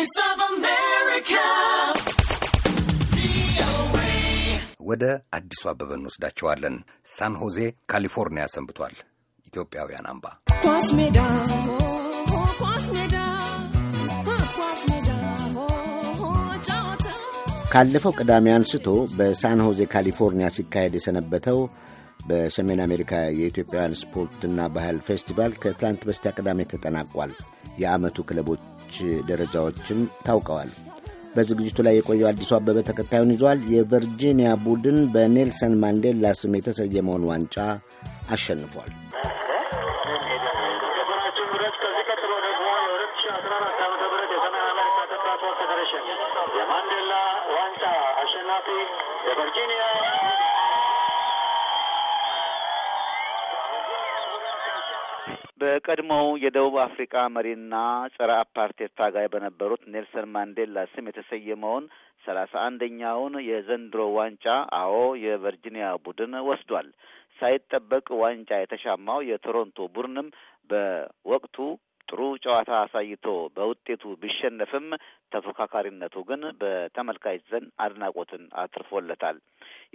Voice of America. ወደ አዲሱ አበበ እንወስዳቸዋለን። ሳን ሆዜ ካሊፎርኒያ ሰንብቷል። ኢትዮጵያውያን አምባ ኳስ ሜዳ ኳስ ሜዳ ካለፈው ቅዳሜ አንስቶ በሳን ሆዜ ካሊፎርኒያ ሲካሄድ የሰነበተው በሰሜን አሜሪካ የኢትዮጵያውያን ስፖርትና ባህል ፌስቲቫል ከትላንት በስቲያ ቅዳሜ ተጠናቋል። የዓመቱ ክለቦች ሌሎች ደረጃዎችም ታውቀዋል። በዝግጅቱ ላይ የቆየው አዲሱ አበበ ተከታዩን ይዟል። የቨርጂኒያ ቡድን በኔልሰን ማንዴላ ስም የተሰየመውን ዋንጫ አሸንፏል። በቀድሞው የደቡብ አፍሪካ መሪና ጸረ አፓርቴድ ታጋይ በነበሩት ኔልሰን ማንዴላ ስም የተሰየመውን ሰላሳ አንደኛውን የዘንድሮ ዋንጫ አዎ የቨርጂኒያ ቡድን ወስዷል። ሳይጠበቅ ዋንጫ የተሻማው የቶሮንቶ ቡድንም በወቅቱ ጥሩ ጨዋታ አሳይቶ በውጤቱ ቢሸነፍም ተፎካካሪነቱ ግን በተመልካች ዘንድ አድናቆትን አትርፎለታል።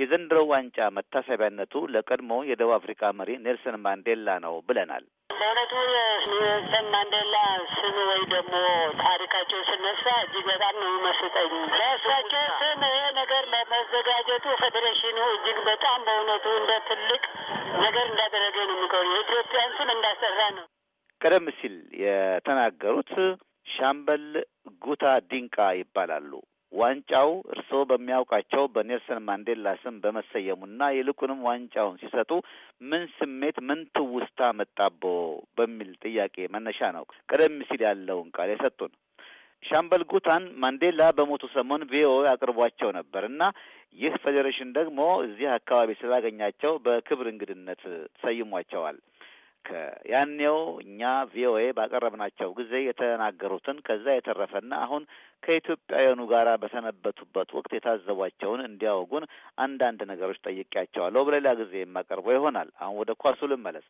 የዘንድሮ ዋንጫ መታሰቢያነቱ ለቀድሞ የደቡብ አፍሪካ መሪ ኔልሰን ማንዴላ ነው ብለናል። በእውነቱ ኔልሰን ማንዴላ ስም ወይ ደግሞ ታሪካቸው ስነሳ እጅግ በጣም ነው ይመስጠኝ። ለእሳቸው ስም ይሄ ነገር በመዘጋጀቱ ፌዴሬሽኑ እጅግ በጣም በእውነቱ እንደ ትልቅ ነገር እንዳደረገ ነው የሚቀሩ የኢትዮጵያን ስም እንዳሰራ ነው። ቀደም ሲል የተናገሩት ሻምበል ጉታ ዲንቃ ይባላሉ። ዋንጫው እርስዎ በሚያውቃቸው በኔልሰን ማንዴላ ስም በመሰየሙና ይልቁንም ዋንጫውን ሲሰጡ ምን ስሜት ምን ትውስታ መጣቦ በሚል ጥያቄ መነሻ ነው ቀደም ሲል ያለውን ቃል የሰጡን። ሻምበል ጉታን ማንዴላ በሞቱ ሰሞን ቪኦኤ አቅርቧቸው ነበር እና ይህ ፌዴሬሽን ደግሞ እዚህ አካባቢ ስላገኛቸው በክብር እንግድነት ሰይሟቸዋል። ያኔው እኛ ቪኦኤ ባቀረብናቸው ጊዜ የተናገሩትን ከዛ የተረፈና አሁን ከኢትዮጵያውያኑ ጋር በሰነበቱበት ወቅት የታዘቧቸውን እንዲያወጉን አንዳንድ ነገሮች ጠይቄያቸዋለሁ። በሌላ ጊዜ የማቀርበው ይሆናል። አሁን ወደ ኳሱ ልመለስ።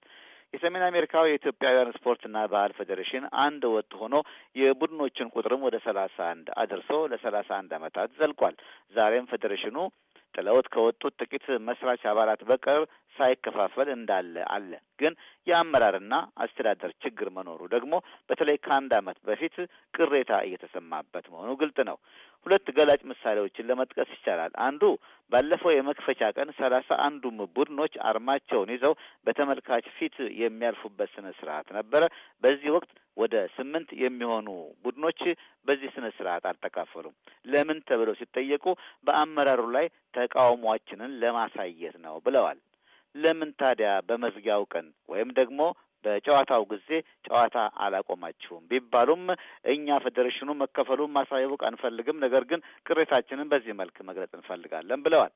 የሰሜን አሜሪካው የኢትዮጵያውያን ስፖርትና ባህል ፌዴሬሽን አንድ ወጥ ሆኖ የቡድኖችን ቁጥርም ወደ ሰላሳ አንድ አድርሶ ለሰላሳ አንድ ዓመታት ዘልቋል። ዛሬም ፌዴሬሽኑ ጥለውት ከወጡት ጥቂት መስራች አባላት በቀር ሳይከፋፈል እንዳለ አለ። ግን የአመራርና አስተዳደር ችግር መኖሩ ደግሞ በተለይ ከአንድ ዓመት በፊት ቅሬታ እየተሰማበት መሆኑ ግልጥ ነው። ሁለት ገላጭ ምሳሌዎችን ለመጥቀስ ይቻላል። አንዱ ባለፈው የመክፈቻ ቀን ሰላሳ አንዱም ቡድኖች አርማቸውን ይዘው በተመልካች ፊት የሚያልፉበት ስነ ስርዓት ነበረ። በዚህ ወቅት ወደ ስምንት የሚሆኑ ቡድኖች በዚህ ስነ ስርዓት አልተካፈሉም። ለምን ተብለው ሲጠየቁ በአመራሩ ላይ ተቃውሟችንን ለማሳየት ነው ብለዋል። ለምን ታዲያ በመዝጊያው ቀን ወይም ደግሞ በጨዋታው ጊዜ ጨዋታ አላቆማችሁም ቢባሉም እኛ ፌዴሬሽኑ መከፈሉን ማሳወቅ አንፈልግም፣ ነገር ግን ቅሬታችንን በዚህ መልክ መግለጽ እንፈልጋለን ብለዋል።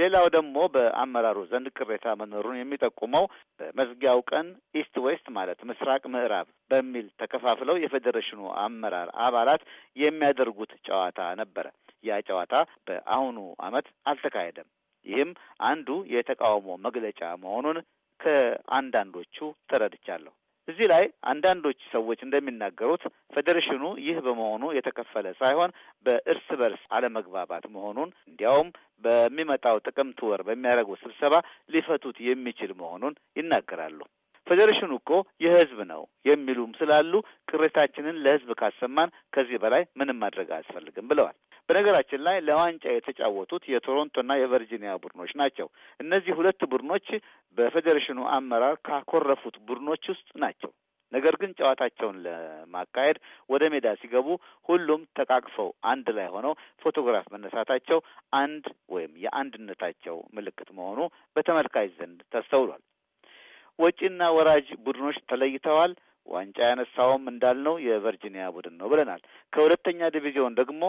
ሌላው ደግሞ በአመራሩ ዘንድ ቅሬታ መኖሩን የሚጠቁመው በመዝጊያው ቀን ኢስት ዌስት ማለት ምስራቅ ምዕራብ በሚል ተከፋፍለው የፌዴሬሽኑ አመራር አባላት የሚያደርጉት ጨዋታ ነበረ። ያ ጨዋታ በአሁኑ ዓመት አልተካሄደም። ይህም አንዱ የተቃውሞ መግለጫ መሆኑን ከአንዳንዶቹ ተረድቻለሁ። እዚህ ላይ አንዳንዶች ሰዎች እንደሚናገሩት ፌዴሬሽኑ ይህ በመሆኑ የተከፈለ ሳይሆን በእርስ በርስ አለመግባባት መሆኑን እንዲያውም በሚመጣው ጥቅምት ወር በሚያደርጉት ስብሰባ ሊፈቱት የሚችል መሆኑን ይናገራሉ። ፌዴሬሽኑ እኮ የህዝብ ነው የሚሉም ስላሉ ቅሬታችንን ለህዝብ ካሰማን ከዚህ በላይ ምንም ማድረግ አያስፈልግም ብለዋል። በነገራችን ላይ ለዋንጫ የተጫወቱት የቶሮንቶና የቨርጂኒያ ቡድኖች ናቸው። እነዚህ ሁለት ቡድኖች በፌዴሬሽኑ አመራር ካኮረፉት ቡድኖች ውስጥ ናቸው። ነገር ግን ጨዋታቸውን ለማካሄድ ወደ ሜዳ ሲገቡ ሁሉም ተቃቅፈው አንድ ላይ ሆነው ፎቶግራፍ መነሳታቸው አንድ ወይም የአንድነታቸው ምልክት መሆኑ በተመልካች ዘንድ ተስተውሏል። ወጪና ወራጅ ቡድኖች ተለይተዋል። ዋንጫ ያነሳውም እንዳልነው የቨርጂኒያ ቡድን ነው ብለናል። ከሁለተኛ ዲቪዚዮን ደግሞ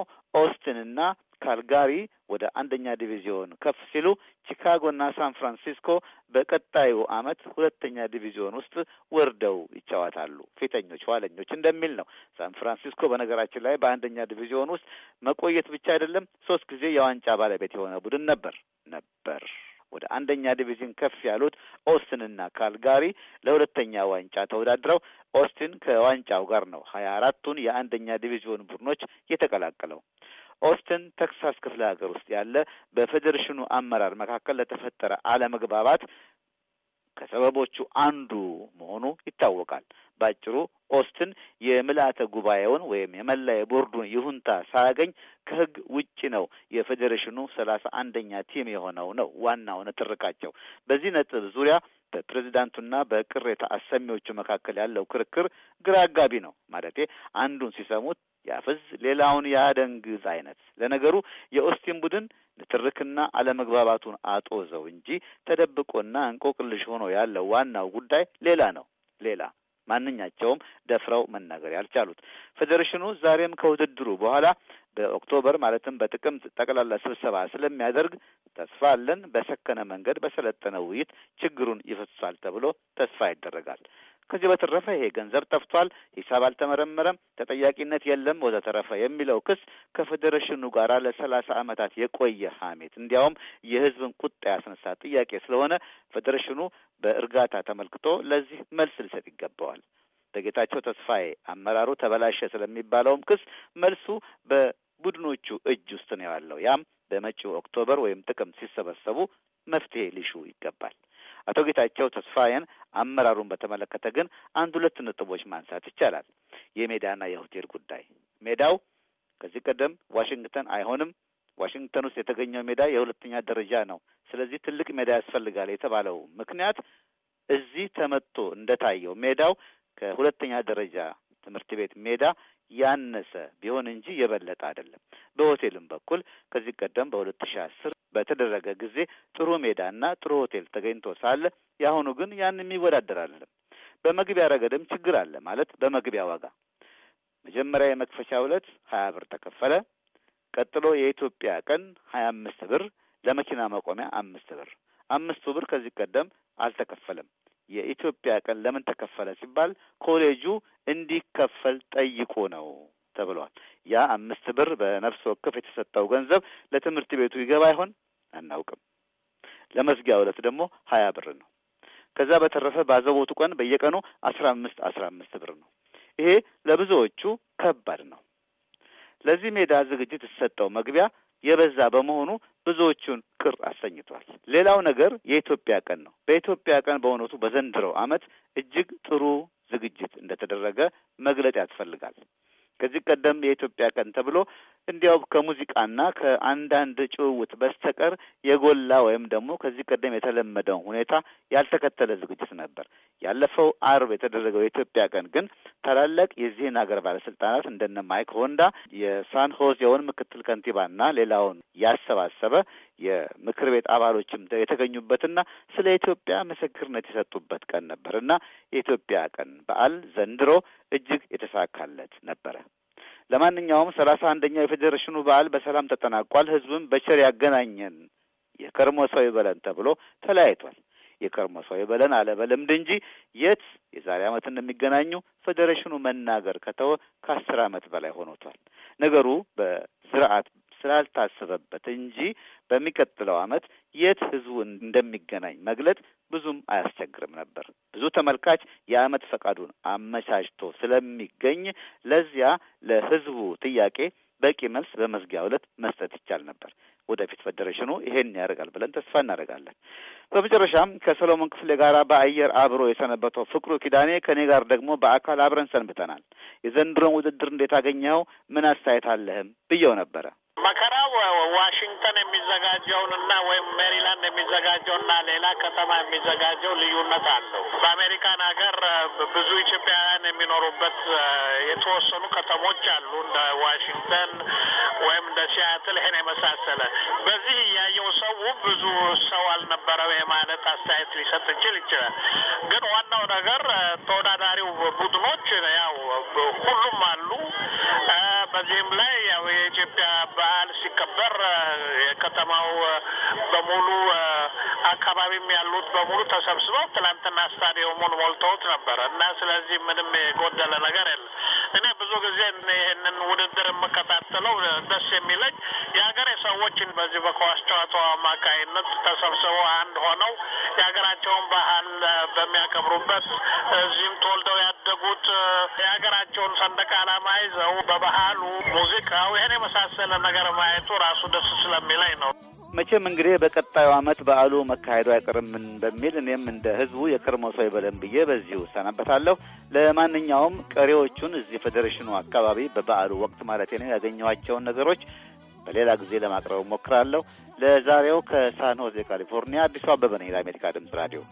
እና ካልጋሪ ወደ አንደኛ ዲቪዚዮን ከፍ ሲሉ ቺካጎና ሳን ፍራንሲስኮ በቀጣዩ ዓመት ሁለተኛ ዲቪዚዮን ውስጥ ወርደው ይጫወታሉ። ፊተኞች ኋለኞች እንደሚል ነው። ሳን ፍራንሲስኮ በነገራችን ላይ በአንደኛ ዲቪዚዮን ውስጥ መቆየት ብቻ አይደለም፣ ሶስት ጊዜ የዋንጫ ባለቤት የሆነ ቡድን ነበር ነበር ወደ አንደኛ ዲቪዥን ከፍ ያሉት ኦስትንና ካልጋሪ ለሁለተኛ ዋንጫ ተወዳድረው ኦስትን ከዋንጫው ጋር ነው ሀያ አራቱን የአንደኛ ዲቪዥን ቡድኖች የተቀላቀለው። ኦስትን ተክሳስ ክፍለ ሀገር ውስጥ ያለ በፌዴሬሽኑ አመራር መካከል ለተፈጠረ አለመግባባት ከሰበቦቹ አንዱ መሆኑ ይታወቃል። ባጭሩ ኦስትን የምልአተ ጉባኤውን ወይም የመላ የቦርዱን ይሁንታ ሳያገኝ ከህግ ውጪ ነው የፌዴሬሽኑ ሰላሳ አንደኛ ቲም የሆነው ነው ዋናው ንትርካቸው። በዚህ ነጥብ ዙሪያ በፕሬዚዳንቱና በቅሬታ አሰሚዎቹ መካከል ያለው ክርክር ግራ አጋቢ ነው። ማለቴ አንዱን ሲሰሙት ያፍዝ ሌላውን ያደንግዝ አይነት። ለነገሩ የኦስቲን ቡድን ንትርክና አለመግባባቱን አጦዘው እንጂ ተደብቆና እንቆቅልሽ ሆኖ ያለው ዋናው ጉዳይ ሌላ ነው ሌላ ማንኛቸውም ደፍረው መናገር ያልቻሉት። ፌዴሬሽኑ ዛሬም ከውድድሩ በኋላ በኦክቶበር ማለትም በጥቅምት ጠቅላላ ስብሰባ ስለሚያደርግ ተስፋ አለን። በሰከነ መንገድ በሰለጠነ ውይይት ችግሩን ይፈቱታል ተብሎ ተስፋ ይደረጋል። ከዚህ በተረፈ ይሄ ገንዘብ ጠፍቷል፣ ሂሳብ አልተመረመረም፣ ተጠያቂነት የለም ወዘተረፈ የሚለው ክስ ከፌዴሬሽኑ ጋር ለሰላሳ ዓመታት የቆየ ሐሜት እንዲያውም የህዝብን ቁጣ ያስነሳ ጥያቄ ስለሆነ ፌዴሬሽኑ በእርጋታ ተመልክቶ ለዚህ መልስ ሊሰጥ ይገባዋል። በጌታቸው ተስፋዬ አመራሩ ተበላሸ ስለሚባለውም ክስ መልሱ በቡድኖቹ እጅ ውስጥ ነው ያለው። ያም በመጪው ኦክቶበር ወይም ጥቅም ሲሰበሰቡ መፍትሄ ሊሹ ይገባል። አቶ ጌታቸው ተስፋዬን አመራሩን በተመለከተ ግን አንድ ሁለት ነጥቦች ማንሳት ይቻላል። የሜዳና የሆቴል ጉዳይ ሜዳው ከዚህ ቀደም ዋሽንግተን አይሆንም፣ ዋሽንግተን ውስጥ የተገኘው ሜዳ የሁለተኛ ደረጃ ነው፣ ስለዚህ ትልቅ ሜዳ ያስፈልጋል የተባለው ምክንያት እዚህ ተመጥቶ እንደታየው ሜዳው ከሁለተኛ ደረጃ ትምህርት ቤት ሜዳ ያነሰ ቢሆን እንጂ የበለጠ አይደለም። በሆቴልም በኩል ከዚህ ቀደም በሁለት ሺ አስር በተደረገ ጊዜ ጥሩ ሜዳና ጥሩ ሆቴል ተገኝቶ ሳለ የአሁኑ ግን ያን የሚወዳደር አይደለም። በመግቢያ ረገድም ችግር አለ። ማለት በመግቢያ ዋጋ መጀመሪያ የመክፈቻ ዕለት ሀያ ብር ተከፈለ። ቀጥሎ የኢትዮጵያ ቀን ሀያ አምስት ብር፣ ለመኪና መቆሚያ አምስት ብር። አምስቱ ብር ከዚህ ቀደም አልተከፈለም። የኢትዮጵያ ቀን ለምን ተከፈለ ሲባል ኮሌጁ እንዲከፈል ጠይቆ ነው ተብሏል። ያ አምስት ብር በነፍስ ወከፍ የተሰጠው ገንዘብ ለትምህርት ቤቱ ይገባ ይሆን አናውቅም። ለመዝጊያ ዕለት ደግሞ ሀያ ብር ነው። ከዛ በተረፈ ባዘቦቱ ቀን በየቀኑ አስራ አምስት አስራ አምስት ብር ነው። ይሄ ለብዙዎቹ ከባድ ነው። ለዚህ ሜዳ ዝግጅት የተሰጠው መግቢያ የበዛ በመሆኑ ብዙዎቹን ቅር አሰኝቷል። ሌላው ነገር የኢትዮጵያ ቀን ነው። በኢትዮጵያ ቀን በእውነቱ በዘንድሮው ዓመት እጅግ ጥሩ ዝግጅት እንደተደረገ መግለጽ ያስፈልጋል። ከዚህ ቀደም የኢትዮጵያ ቀን ተብሎ እንዲያው ከሙዚቃና ከአንዳንድ ጭውውት በስተቀር የጎላ ወይም ደግሞ ከዚህ ቀደም የተለመደውን ሁኔታ ያልተከተለ ዝግጅት ነበር። ያለፈው አርብ የተደረገው የኢትዮጵያ ቀን ግን ታላላቅ የዚህን ሀገር ባለስልጣናት እንደነ ማይክ ሆንዳ የሳን ሆዜውን ምክትል ከንቲባና ሌላውን ያሰባሰበ የምክር ቤት አባሎችም የተገኙበትና ስለ ኢትዮጵያ ምስክርነት የሰጡበት ቀን ነበር እና የኢትዮጵያ ቀን በዓል ዘንድሮ እጅግ የተሳካለት ነበረ። ለማንኛውም ሰላሳ አንደኛው የፌዴሬሽኑ በዓል በሰላም ተጠናቋል። ህዝብም በቸር ያገናኘን የከርሞ ሰው ይበለን ተብሎ ተለያይቷል። የከርሞ ሰው ይበለን አለ በልምድ እንጂ የት የዛሬ ዓመት እንደሚገናኙ ፌዴሬሽኑ መናገር ከተወ ከአስር ዓመት በላይ ሆኖቷል። ነገሩ በስርዓት ስላልታሰበበት እንጂ በሚቀጥለው ዓመት የት ህዝቡ እንደሚገናኝ መግለጥ ብዙም አያስቸግርም ነበር። ብዙ ተመልካች የዓመት ፈቃዱን አመቻችቶ ስለሚገኝ ለዚያ ለህዝቡ ጥያቄ በቂ መልስ በመዝጊያ ዕለት መስጠት ይቻል ነበር። ወደፊት ፌዴሬሽኑ ይሄን ያደርጋል ብለን ተስፋ እናደርጋለን። በመጨረሻም ከሰሎሞን ክፍሌ ጋር በአየር አብሮ የሰነበተው ፍቅሩ ኪዳኔ ከእኔ ጋር ደግሞ በአካል አብረን ሰንብተናል። የዘንድሮን ውድድር እንዴት አገኘኸው? ምን አስተያየት አለህም ብየው ነበረ። መከራው ዋሽንግተን የሚዘጋጀውንና ወይም ሜሪላንድ የሚዘጋጀውና ሌላ ከተማ የሚዘጋጀው ልዩነት አለው። በአሜሪካን ሀገር ብዙ ኢትዮጵያውያን የሚኖሩበት የተወሰኑ ከተሞች አሉ፣ እንደ ዋሽንግተን ወይም እንደ ሲያትል ይሄን የመሳሰለ በዚህ እያየው ሰው ብዙ ሰው አልነበረም የማለት አስተያየት ሊሰጥ ይችል ይችላል። ግን ዋናው ነገር ተወዳዳሪው ቡድኖች ያው ሁሉም አሉ በዚህም ላይ ያው የኢትዮጵያ በዓል ሲከበር የከተማው በሙሉ አካባቢም ያሉት በሙሉ ተሰብስበው ትላንትና ስታዲየሙን ሞልተውት ነበረ እና ስለዚህ ምንም የጎደለ ነገር የለም። ጊዜ ይህንን ውድድር የምከታተለው ደስ የሚለኝ የሀገሬ ሰዎችን በዚህ በኳስ ጨዋታው አማካይነት ተሰብስበው አንድ ሆነው የሀገራቸውን ባህል በሚያከብሩበት እዚህም ተወልደው ያደጉት የሀገራቸውን ሰንደቅ ዓላማ ይዘው በባህሉ ሙዚቃው፣ ይህን የመሳሰለ ነገር ማየቱ ራሱ ደስ ስለሚለኝ ነው። መቼም እንግዲህ በቀጣዩ ዓመት በዓሉ መካሄዱ አይቀርም በሚል እኔም እንደ ህዝቡ የከርሞ ሰው ይበለን ብዬ በዚሁ እሰናበታለሁ። ለማንኛውም ቀሪዎቹን እዚህ ፌዴሬሽኑ አካባቢ በበዓሉ ወቅት ማለት ነው ያገኘኋቸውን ነገሮች በሌላ ጊዜ ለማቅረብ እሞክራለሁ። ለዛሬው ከሳን ሆዜ ካሊፎርኒያ አዲሱ አበበ ነኝ ለአሜሪካ ድምፅ ራዲዮ።